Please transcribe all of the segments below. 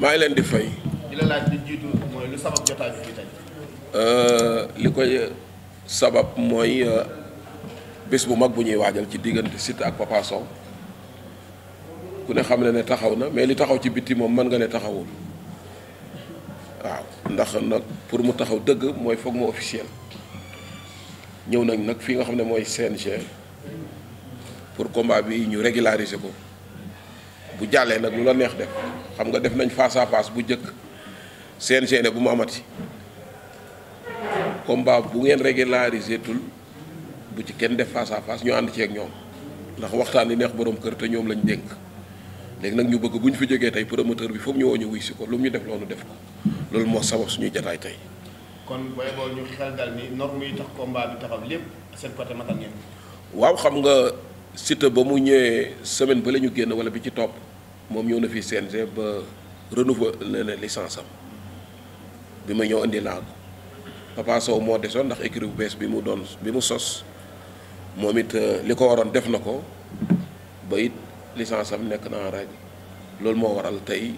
maa ngi leen di fay. di la laaj li jiitu mooy lu sabab jotaay bi euh, li koy sabab mooy euh, bés bu mag bu ñuy waajal ci diggante sit ak Papa ku ne xam na ne taxaw na mais li taxaw ci bitti moom mën nga ne taxawul waaw ndax nag pour mu taxaw dëgg mooy foog mu officiel ñëw nañ nag fii nga xam ne mooy CNG pour combat bi ñu régulariser ko. bu jàllee nag lu la neex def xam nga def nañ face à face bu njëkk CNG ne bu mu amati combat bu ngeen régulariser tul bu ci kenn def face à face ñu ànd ci ak ñoom ndax waxtaan li neex boroom kër te ñoom lañ dénk léegi nag ñu bëgg bu ñu fi jógee tey promoteur bi foog ñu woo ñu wuy si ko lu mu ñu def loolu def ko loolu moo sabab suñuy jataay tey. kon booy boo ñu xel dal ni norme yi tax combat bi taxaw lépp seen côté matal ngeen. waaw xam nga Siteu ba mu ñëwee semaine ba la ñu génn wala bi ci topp. moom ñëw na fi CNG ba renouveler la licence am bi ma ñëw indi naa ko Sow moo desoon ndax écurie bu bees bi mu doon bi mu sos moom it euh, li ko waroon def na ko ba it licence am nekk na raaj loolu moo waral tey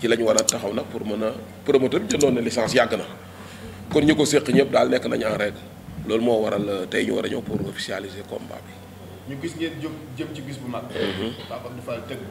ci lañ war a taxaw nag pour mën a promoteur bi jëndoon na licence yàgg na kon ñi ko séq ñëpp daal nekk nañ en loolu moo waral euh, tey ñu war a ñëw pour officialiser combat bi ñu gis ngeen jóg jëm ci bis bu mag. Mhm. Pape Abdou Fall tëgg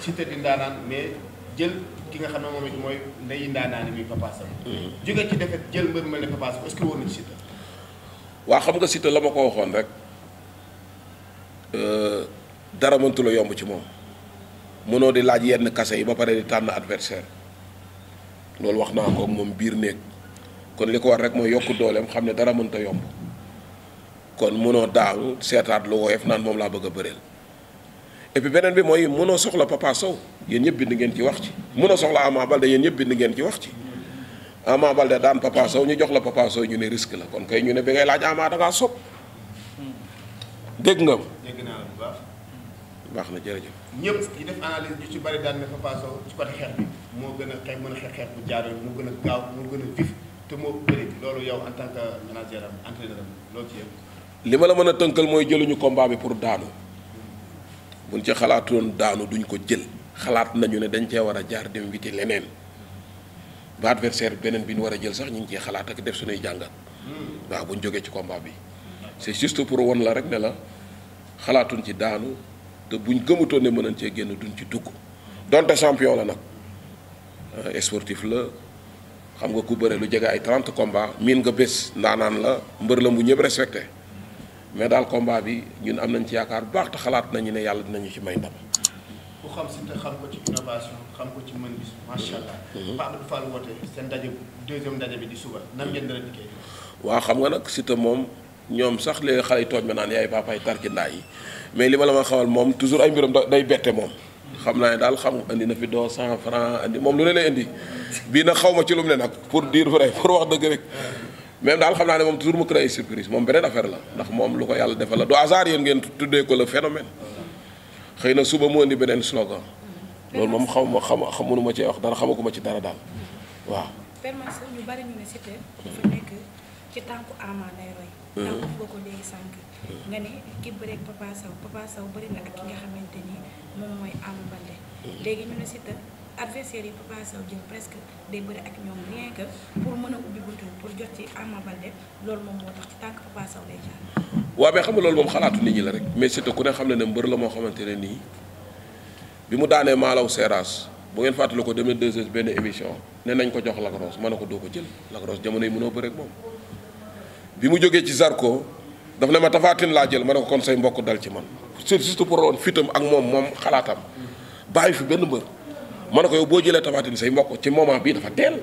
Siteu di ndaanaan mais jël ki nga xam ne moom it mooy ndeyi ndaanaan mi Papa mhm. jóge ci defet jël mbër ma ne Papa Sow est na ci waa xam nga Siteu la ma ko waxoon rek euh, dara mëntu yomb ci moom mënoo di laaj yenn kase yi ba pare di tànn adversaire loolu wax naa ko moom biir néeg kon li ko war rek mooy yokk dooleem xam ne dara mënta yomb. kon mënoo daaw seetaat lu woyof naan moom laa bëgg a bëreel et puis beneen bi mooy mënoo soxla Papa Sow yéen ñëpp bind ngeen ci wax ci mënoo soxla Ama Baldé yéen ñëpp bind ngeen ci wax ci Ama Baldé daan Papa ñu jox la Papa Sow ñu ne risque la kon kay ñu ne bi ngay laaj amaa da ngaa sob dégg nga ma. dégg naa la bu baax. baax na jërëjëf. ñëpp ñu def analyse ñu ci bari daan ne Papa Sow ci côté bi moo gën a xeex mën a xeex xeex bu jaar moo gën a gaaw moo gën a vif te moo bëri loolu yow en tant que manager am li ma la mën a tënkal mooy jëluñu combat bi pour daanu buñ ci xalaatoon daanu duñ ko jël xalaat nañu ne dañ cee war a jaar dem witi leneen ba adversaire beneen bi ñu war a jël sax ñu ngi ciy xalaat ak def suñuy jàngat waaw buñ jógee ci komba bi c'est juste pour won la rek ne la xalaatuñ ci daanu te buñ gëmutoon ne mën nañ cee génn duñ ci dugg donte champion la nag euh, sportif la xam nga ku bëre lu jege ay 30 combat miin nga bés ndaanaan la mbër la mu ñëpp respecté mais daal combat bi ñun am nañ ci yaakaar baax te xalaat nañu ne yàlla dinañu ci may ndam. ku xam si xam ko ci innovation xam ko ci mën gis macha allah. Mhm. Pape Abdou ndaje deuxième ndaje bi di suba nan ngeen dara dikkee. waaw xam nga nag si moom ñoom sax léegi xale yi tooñ ma naan yaay papaay tarkindaa yi mais li ma la ma xamal moom toujours ay mbiram day bette moom. xam naa ne daal xam indi na fi doo cent franc andi moom lu ne lay indi bii nag xaw ma ci lu mu ne nag pour dire vrai pour wax dëgg rek. même daal xam naa ne moom toujours mu créé surprise moom beneen affaire la ndax moom lu ko yàlla defal la du hasard yéen ngeen tuddee ko le phénomène xëy na suba mu indi beneen slogan loolu moom xamuma xama xamunu ma cee wax dara xamaguma ci dara daal waaw. permanence ñu bari ñu ne Siteu dafa nekk ci tànku Ama lay roy. Hmm. tànku nga ko léegi sànq. nga ne ki bëreeg Papa Sow bëri na ak ki nga xamante ni moom mooy Ama Baldé hmm. léegi ñu ne Siteu adversaire yi Papa ak ñoom rien que pour mën loolu moom moo tax ci tànk xalaatu nit ñi la rek mais surtout ku ne xam ne ne mbër la moo xamante ne nii bi mu daanee Malaw Seras bu ngeen fàttali ko demee 2 heures benn émission ne nañ ko jox Lac Rose a ne ko doo ko jël Lac Rose jamono yi mënoo bëre ak moom. bi mu jógee ci Zarko daf ne ma tafaatin laa jël ma ne ko kon say mbokk dal ci man surtout pour woon fitam ak moom moom xalaatam bàyyi fi benn mbër. ma ne ko yow boo jëlee Tapha Tine say mbokk ci moment bii dafa teel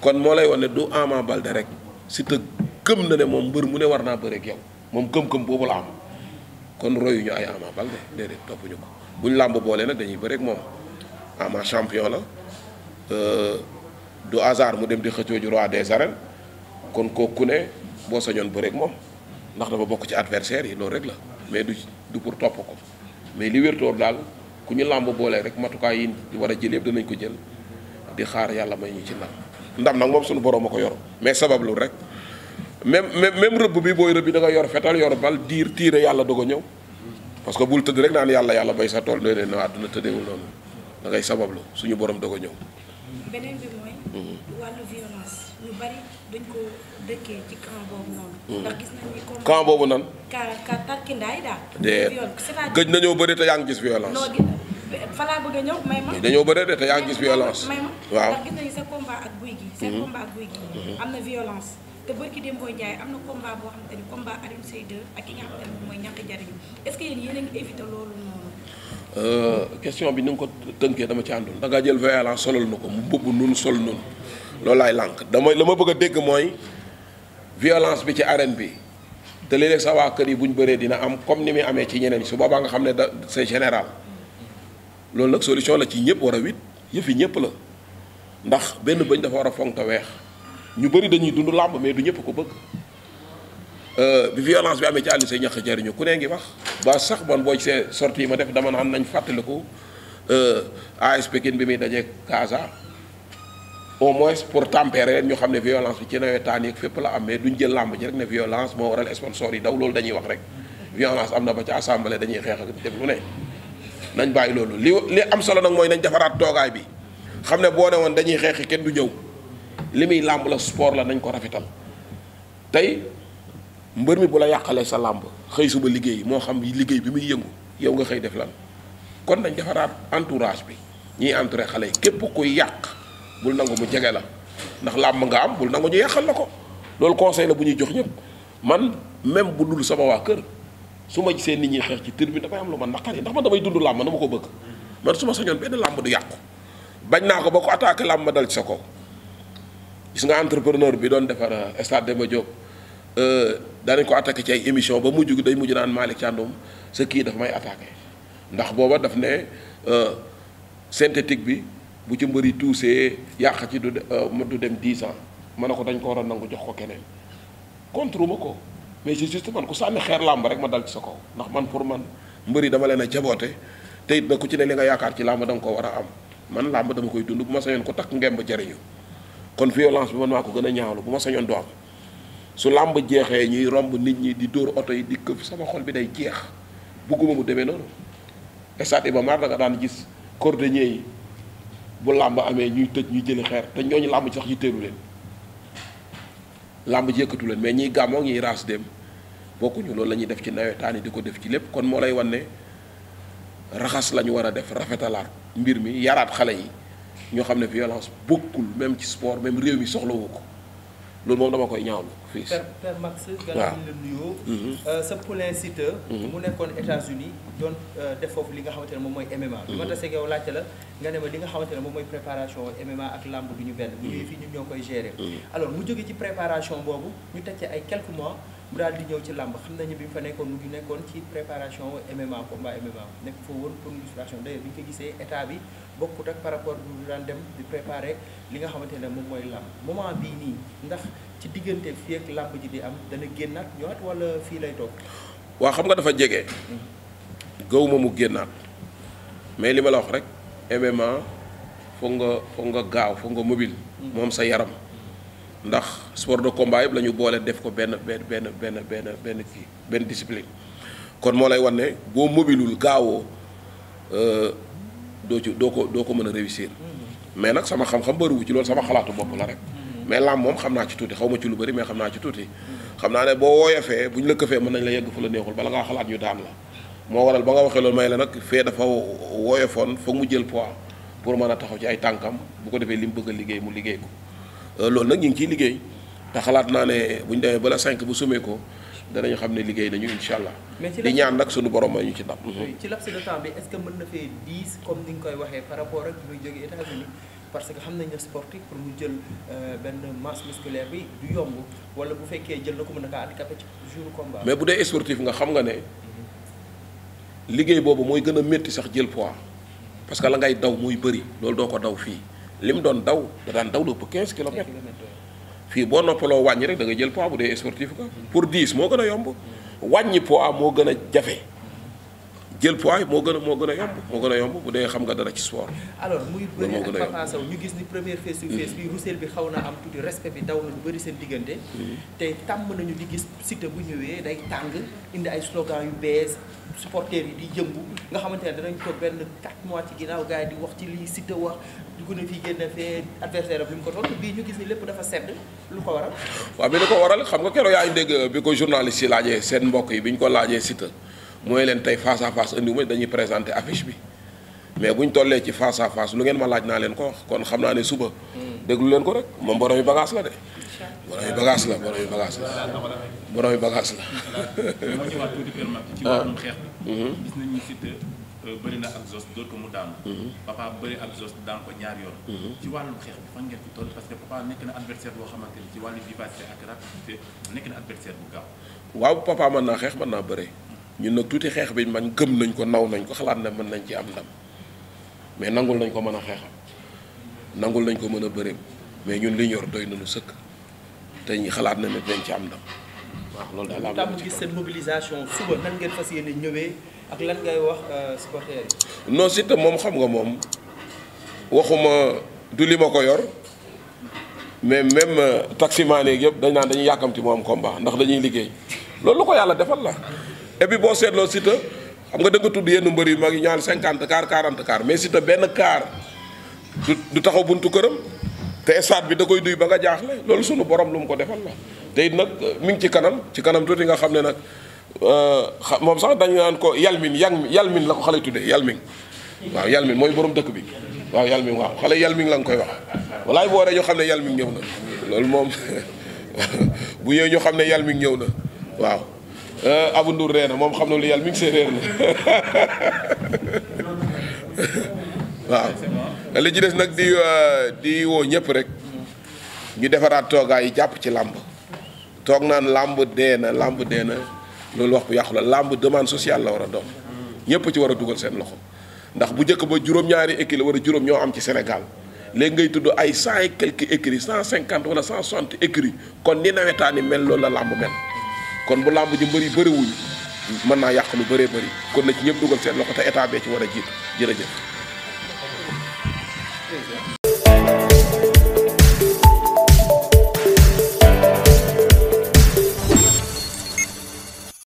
kon moo lay wan ne du Ama Balde rek Siteu gëm na ne moom mbër mu ne war naa bëreeg yow moom gëm-gëm boobu la am kon royu ñu ay Ama Balde déedéet toppuñu ko buñ làmb boolee nag dañuy bëreeg moom Ama champion la euh, du hasard mu dem di xëccoo ju roi des arènes kon kooku ne boo sañoon bëreeg moom ndax dafa bokk ci adversaire yi loolu rek la mais du du pour topp ko mais li wértoor daal ku ñu làmb boolee rek matukaay yi war a jël yëpp danañ ko jël di xaar yàlla may ñu ci ndam ndam nag moom suñu borom a ko yor mais sabablu rek même même rëbb bi booy rëbb bi da nga yor fetal yor bal diir tiire yàlla doog a ñëw parce que bul tëdd rek naan yàlla yàlla bay sa tool déedéet na àdduna tëddeewul noonu da ngay sabablu suñu borom doog a ñëw. ñu bari dañ ko dëkkee ci camp boobu noonu. Hmm. camp boobu nan. ka ka tarkindaay daal. gëj nañoo bëri te yaa ngi gis violence. noo gis fa laa bëgg may ma. dañoo bëri de te yaa ngi gis violence. may ma waaw ndax gis nañu dem booy jaay am na combat boo xamante ni combat Alioune Seye 2 ak ki nga xamante ne mooy ñàkk jariñu est-ce que a ngi éviter loolu noonu. Euh, question bi ni nga ko tënkee dama ci àndul. da jël violence solal na ko mbubb nun sol nun loolu laay lànk dama la ma bëgg a dégg mooy violence bi ci arène bi te léeg-léeg sa waa kër yi bu ñu bëree dina am comme ni muy amee ci ñeneen su boobaa nga xam ne da c'est général loolu nag solution la ci ñëpp war a wit yëf yi ñëpp la ndax benn bëñ dafa war a fonk te weex ñu bëri dañuy dund làmb mais du ñëpp ko bëgg euh, bi violence bi amee ci àll say ñax jariñu ku nee ngi wax ba sax bon boo see sortie yi ma def dama naan nañ fàttaliku euh, AS Pikine bi muy dajeeg Casa au moins pour tempérer ñu xam ne violence bi ci nawetaan yi fépp la am mais duñ jël làmb ji rek ne violence moo waral sponsor yi daw loolu dañuy wax rek violence am na ba ci assemblée dañuy xeex ak def lu ne nañ bàyyi loolu li li am solo nag mooy nañ defaraat toogaay bi xam ne boo ne woon dañuy xeexi kenn du ñëw li muy làmb la sport la nañ ko rafetal tey mbër mi bu la yàqalee sa làmb xëy suba liggéey moo xam liggéey bi muy yëngu yow nga xëy def lan kon nañ defaraat entourage bi ñiy entouré xale yi képp kuy yàq bul nangu mu jege la ndax làmb nga am bul nangu ñu yàqal la ko loolu conseil la bu ñuy jox ñëpp man même bu dul sama waa kër su ma gisee nit ñi xeex ci tribune dafay am lu ma yi ndax man damay dund làmb na ma ko bëgg man su ma sañoon benn làmb du yàqu bañ naa ko ba ko attaqué làmb ma dal ci sa kaw gis nga entrepreneur bi doon defar euh, stade Demba Diop euh, danañ ko attaqué ci ay émission ba mujj gi day mujj naan Malick Thiandoum sa kii dafa may attaqué ndax booba daf ne euh, synthétique bi bu ci mbëri tuusee yàq ci du euh, ma du dem 10 ans ma ne ko dañ ko war a nangu jox ko keneen contre ma ko mais c'est juste man ku sànni xeer làmb rek ma dal ci sa kaw ndax man pour man mbëri dama leen a jaboote te it ku ci ne li nga yaakaar ci làmb da ko war a am man làmb dama koy dund bu ma sañoon ko takk ngemb jariñu kon violence bi man maa ko gën a ñaawlu bu ma sañoon do am su làmb jeexee ñuy romb nit ñi di dóor oto yi di këf sama xol bi day jeex bugguma mu demee noonu stade Iba Mar da nga daan gis cordonnier yi bu làmb amee ñuy tëj ñuy jëli xeer te ñooñu làmb ci sax yitteelu leen làmb ji yëkkatu leen mais ñiy gàmmoo ñiy raas dem bokkuñu loolu la ñuy def ci nawetaan yi di ko def ci lépp kon moo lay wan raxas lañu ñu war a def rafetalaat mbir mi yaraat xale yi ñoo xam ne violence bokkul même ci sport même réew mi soxlawu ko loolu moom dama koy ñaawlu fii. per per Max. waaw ñu la nuyoo. Mhm. Euh, sa poulain Siteu. Mhm. mu nekkoon États-Unis doon euh, def foofu li nga xawante ne moom mooy MMA. Mhm. bi ma tasee yow laajte la nga ne ma li nga xamante ne moom mooy préparation MMA ak làmb du ñu benn. bu ñëwee fii ñun ñoo koy gérer. alors mu jógee ci préparation boobu ñu teg ci ay quelques mois. mu daal di ñëw ci làmb xam nañu bi fa nekkoon mu ngi nekkoon ci préparation MMA combat MMA nekk foo woon pour illustration d'ailleurs bi ñu ko gisee état bi bokkut ak par rapport bu daan dem di préparer li nga xamante ne moom mooy làmb moment bii nii ndax ci diggante fii ak làmb ji di am dana génnaat ñëwaat walla fii lay toog. waa xam nga dafa jege. Hmm. gaw ma mu génnaat mais li ma la wax rek MMA foog nga foog nga gaaw foog nga mobile. Hmm. moom sa yaram. ndax sport de combat yëpp la ñu boole def ko benn benn benn benn benn benn kii benn discipline kon moo lay wan ne boo mobilul gaawoo euh, doo ci doo ko doo ko mën a réussir mais nag sama xam-xam bëriwu ci loolu sama xalaatu bopp la rek mais làmb moom xam naa ci tuuti xaw ma ci lu bëri mais xam naa ci tuuti xam naa ne boo wooyofee bu ñu la këfee mën nañ la yegg fu la neexul bala ngaa xalaat ñu daan la moo waral ba nga waxee loolu may la nag fee dafa wooyofoon foog mu jël poids pour mën a taxaw ci ay tànkam bu ko defee li mu bëgg a liggéey mu liggéey ko Euh, loolu nag ñu ngi ciy liggéey te xalaat naa ne bu ñu demee bala cinq bu sumee ko danañu xam ne liggéey nañu incha allah. di ñaan nag suñu borom ñu ci ndam. ci laps de temps bi est-ce que na comme ni nga koy waxee par rapport ak bi muy parce que xam nañ ne sportif pour mu jël euh, benn masse musculaire bi yomb wala bu fekkee jël na ko mën na kaa handicapé ci jour mais bu dee sportif nga xam nga ne liggéey boobu mooy gën a métti sax jël pois parce que la ngay daw muy bëri loolu doo ko daw fii. li mu doon daw da daan daw lu ëpp 15 fii boo noppaloo wàññi rek da jël poids bu dee sportif ko pour 10 moo gën a yomb wàññi poids moo gën a jafe jël poids moo gën a moo gën a yomb moo gën a yomb bu dee xam nga dara ci sport. alors muy bëri ak Papa Sow ñu gis ni première face to face bi Roussel bi xaw naa am tuuti respect bi daw na lu bëri seen diggante. Mm-hmm. te tàmm nañu di gis Siteu bu ñëwee day tàng indi ay slogan yu bees supporters yi di yëngu nga xamante ne danañ ko benn 4 mois ci ginnaaw gars yi di wax ci lii Siteu wax dugg na fii génn fee adversaire bi mu ko tontu bii ñu gis ni lépp dafa sedd lu ko waral. waaw bi li ko waral xam nga keroog yaa ngi dégg bi ko journaliste yi laajee seen mbokk yi bi ñu ko laajee Siteu mooy leen tey face à face andiwuma dañuy présenter affiche bi mais bu ñu tollee ci face à lu ngeen ma laaj naa leen ko wax kon xam naa ne suba. déglu leen ko rek moom borom yu bagage la de. borom yu bagage la borom yu bagage la. borom yu bagage la. moo ñëwaat tuuti perma ci ah. wàllum xeex bi. Mhm. gis nañ ni euh, na ak Zos dóor mu daanu. Mhm. papa bëri ak Zos daan ko ñaar yoon. Mhm. ci wàllum xeex bi fan ngeen ko toll xamante ni ci wàllu vivacité ak rapidité nekk na adversaire waaw papa mën naa xeex mën naa bëri ñun nag tuuti xeex bi man gëm nañ ko naw nañ ko xalaat na mën nañ ci am ndam mais nangul nañ ko mën a xeexam nangul nañ ko mën a bëreem mais ñun li ñu yor doy nañu sëkk te ñu xalaat na ne dañ ci am ndam waaw loolu daal laa gis seen mobilisation suba nan ngeen fas yéene ñëwee ak lan ngay wax euh, supporters yi. non moom xam nga moom waxuma du li ma ko yor. mais même euh, taximaan yeeg yëpp dañ naan dañuy yàkkamti moom am combat ndax dañuy liggéey loolu ko yàlla defal la et boo seetloo Siteu xam nga da tudd yenn mbër yu mag yi ñaan cinquante car quarante car mais Siteu benn car du du taxaw buntu këram te stade bi da koy duy ba nga jaaxle loolu sunu borom lu mu ko defal la. te it nag euh, mi ngi ci kanam ci kanam tuuti nga xam ne nag euh, moom sax dañu naan ko yalmin min la ko xale tuddee yalmin waaw yalmin mooy borom dëkk bi waaw yalmin waaw xale yalmin la nga koy wax walaay boo waree ñu xam ne yalmin ñëw na loolu moom bu ñëwee xam ne yalmin ñëw na waaw. Euh, Abou Ndour reer na moom xam na lu yàlla mi ngi séeréer la waaw li ci des nag di euh, di woo ñëpp rek ñu defaraat toogaay yi jàpp ci làmb toog naan làmb dee na làmb dee na loolu wax bu yàqu la làmb demande sociale la war a doon ñëpp ci war a dugal seen loxo ndax bu njëkk ba juróom-ñaari écurie la war a juróom ñoo am ci Sénégal léegi ngay tudd ay cent et quelques écuries cent cinquante wala cent soixante écuries kon ni nawetaani mel loolu la làmb mel kon bu làmb ji yi bëriwuñ mën naa yàq lu baree bëri kon na ci ñëpp dugal seen loxo te état bee ci war a jiitu jërëjëf